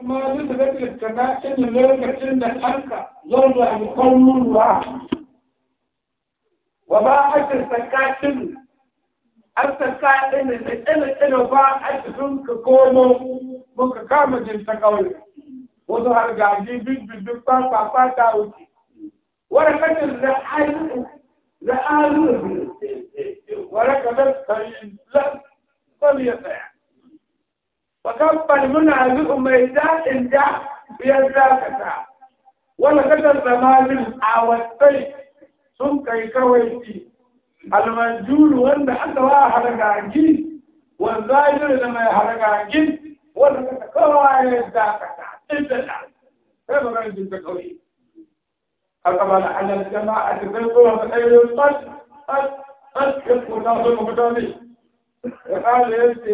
kuma duk da kaza irin lokacin da ɗanka zan zo a yi kwallon wa ba a ce sakacin an saka ɗin da ɗin ba a cikin ka komo mun ka kama jin ta kawai wasu har gaji bibbibin fafa fata wuce wani kacin da alu da alu wani kamar kan yi lan ya tsaya فكبر منها لأميدات جاء بيزاكتا زمان الزمان ثم كي كويتي المنجول وند حتى واحد عجيب والزاجر لما يحرق عجيب ولقد كوي الزاكتا إلا كيف رأيت الزكوي أقبل على الجماعة في الظلم أي القتل قد قد مقدامي قال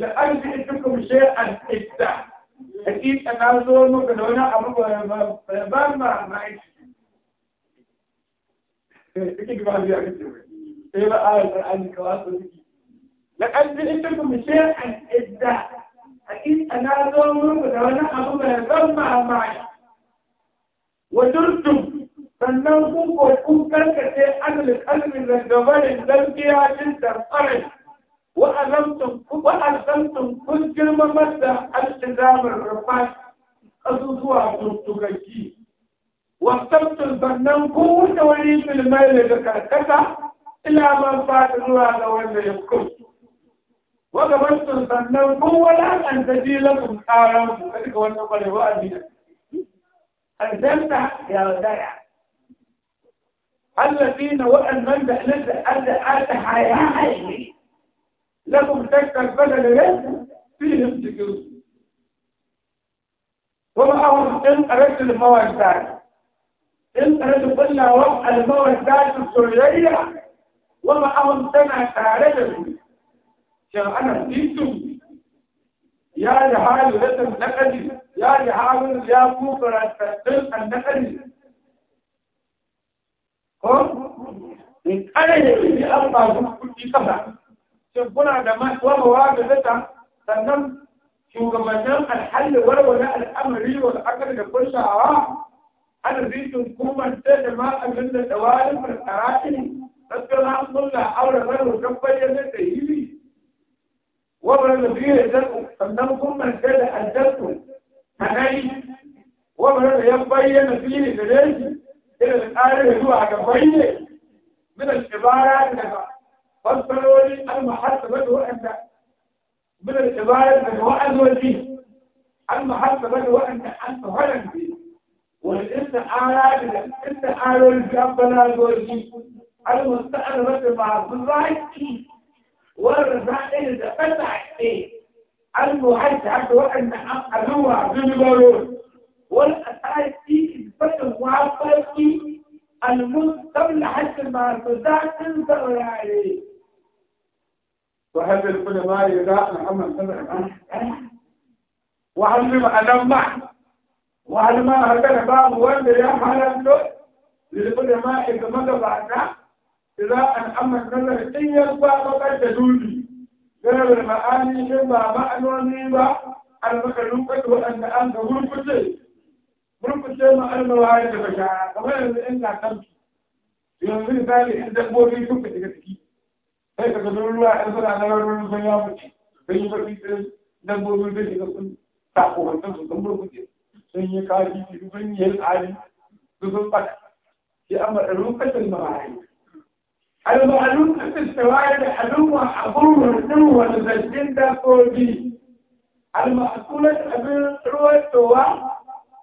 لأجل أنكم شيئا حتى أكيد أنا زول ممكن مكدونة أبو بان ما ما لأجل أنكم شيئا حتى أكيد أنا أزور مكدونة أبو بان ما ما ودرتم sannan kun ko kun karkace azumin azumin da gabanin gaskiya cin tarfarin wa'azamtun kun girmamar da al'izamar rufat azuzuwa tuntukanki wasabtun sannan kun wuce wani filmai ne da karkata ila man fata zuwa ga wanda ya kun wagabantun sannan kun walakanta jilakun karan ku ka duka wannan kwarewa a biyu aljanta ya wadaya allazina wa'annan da alisa an da ata haya haihe لكم تكتل بدل رزق في وما ومعهم إن أردت المواد ذات إن أردت قلنا وقع المواد ذات السورية ومعهم سنة شو أنا سيتم يا لحال رسم نقدي يا لحال يا كوكرة تسلم النقلي هم؟ إن أنا يجب أن أردت كل كفا تبقون على ما وهو واقع بتا تنم شو كما نم الحل ولا ولا الأمر والأكل لكل شعراء أنا بيت كوما تيت ما أمن الدوالف والقراشن رسك الله عبد الله أولا غير وكبالي لتهيلي وبر الغير ذلك تنم كوما تيت أجلت هنالي وبر الغير يبقى ينفيني إلى الآية هو عجبيني من الشبارات fasfarori al-muhassabatu wa'anda min al-ibadat da wa'azoji al-muhassabatu wa'anda an tsohon fi wani isti'ara da isti'arori da balagoji al-musta'arratu masu zaki والرسائل تقطع ايه المعد حتى وان النوع بالبارون والاسعار دي تتفتح معبر المستملة حتى ما تزعل تنزل عليه وهل العلماء يدعى محمد صلى الله عليه وسلم وعلم ألم معه وعلم هكذا باب وانت يا حلال للعلماء كما تبعنا إذا أن أما النظر إن يبقى فقد تدودي غير المعاني إما معنوني با المخلوقة وأن أنت مركتي مركتي ما المواعيد بشعة وغير إلا خمسة يوم ذلك عند أبوه يشوف تكتكي daga ruwa in suna na ruwa sun ya mace sun yi baki da dabbobin da shiga sun takomantar su sun burbuɗe sun yi kaji su sun yi al'ali su sun ɓata shi amma ɗarin ƙasar ma'ayi المعلوم في السواد المعلوم عبور النوى الزجين داخولي المعقولة أبن روى التوى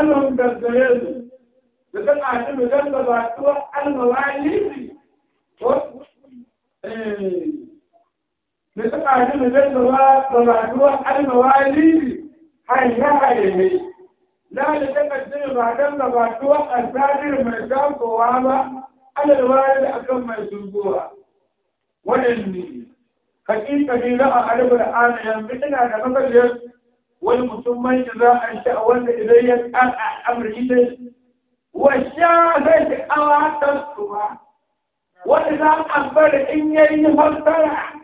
أنهم دزيل لكن أعلم جنب بعتوى المواليد لتقع من ذلك ومعدوع المواليد حيها إليه لا لتقدر بعدم معدوع الثاني من جام قوامة على الوالد أكم من سبوها ولني حقيقة لا أعرف الآن ينبتنا كمبلغ والمسمى إذا أنشأ ولد إلي الأمر إليه والشاهد أواتكما وإذا أخبر إن يلي فلترع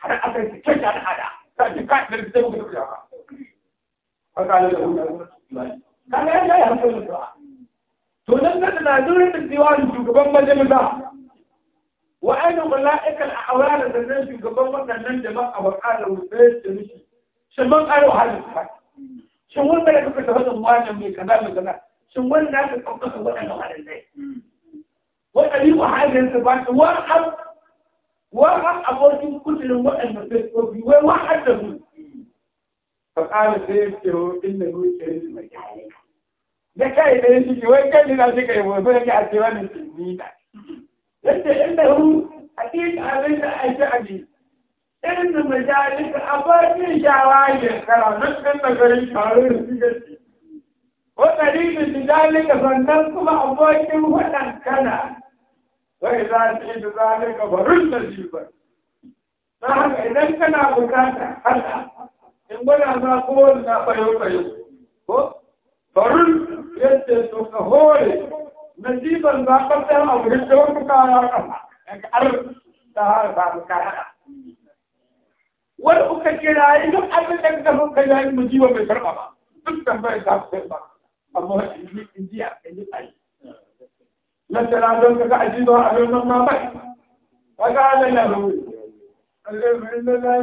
har aka yi kyan da hada ta ji ka da zai muka da haka haka da wannan kaga ya yi hankali da to nan da nazarin da diwani shugaban majalisa wa'annan mala'ikal a awalan da zai shugaban waɗannan jama'a wa ƙara wutsayar da mishi shin man ƙaro halin ka shin wanda ya kuka tafi da wajen mai kaza mai kaza shin wanda ya kuka tafi da waɗannan halin dai waɗannan halin da ba su wa'an وما أبوكم كل وأن تسكبي ووحده فقال سيبته إنه شريك مجالي ده كاي ده يشيكي وين كان لنا شيكا يبوه فلك عسيوان التنمينة يسي إنه أكيد أبدا أشعبي إن مجالك أبوكي شعواجي خلاص نسكن مجالي شعور سيجتي وطريق ذلك فنان كما أبوكي وطن كنا wai za ce da zalika barun da shi ba ta haka idan kana bukata Allah in gwada ma kowane na bayo bayo ko barun yadda su ka hore nasiban ba kwata a wurin da wani kawo kama daga ar har ba mu kaya wani kuka kira idan ka kai mu bai karba ba duk ku amma in a kai مثلا ذلك قاعد يدور على ما بحث وقال له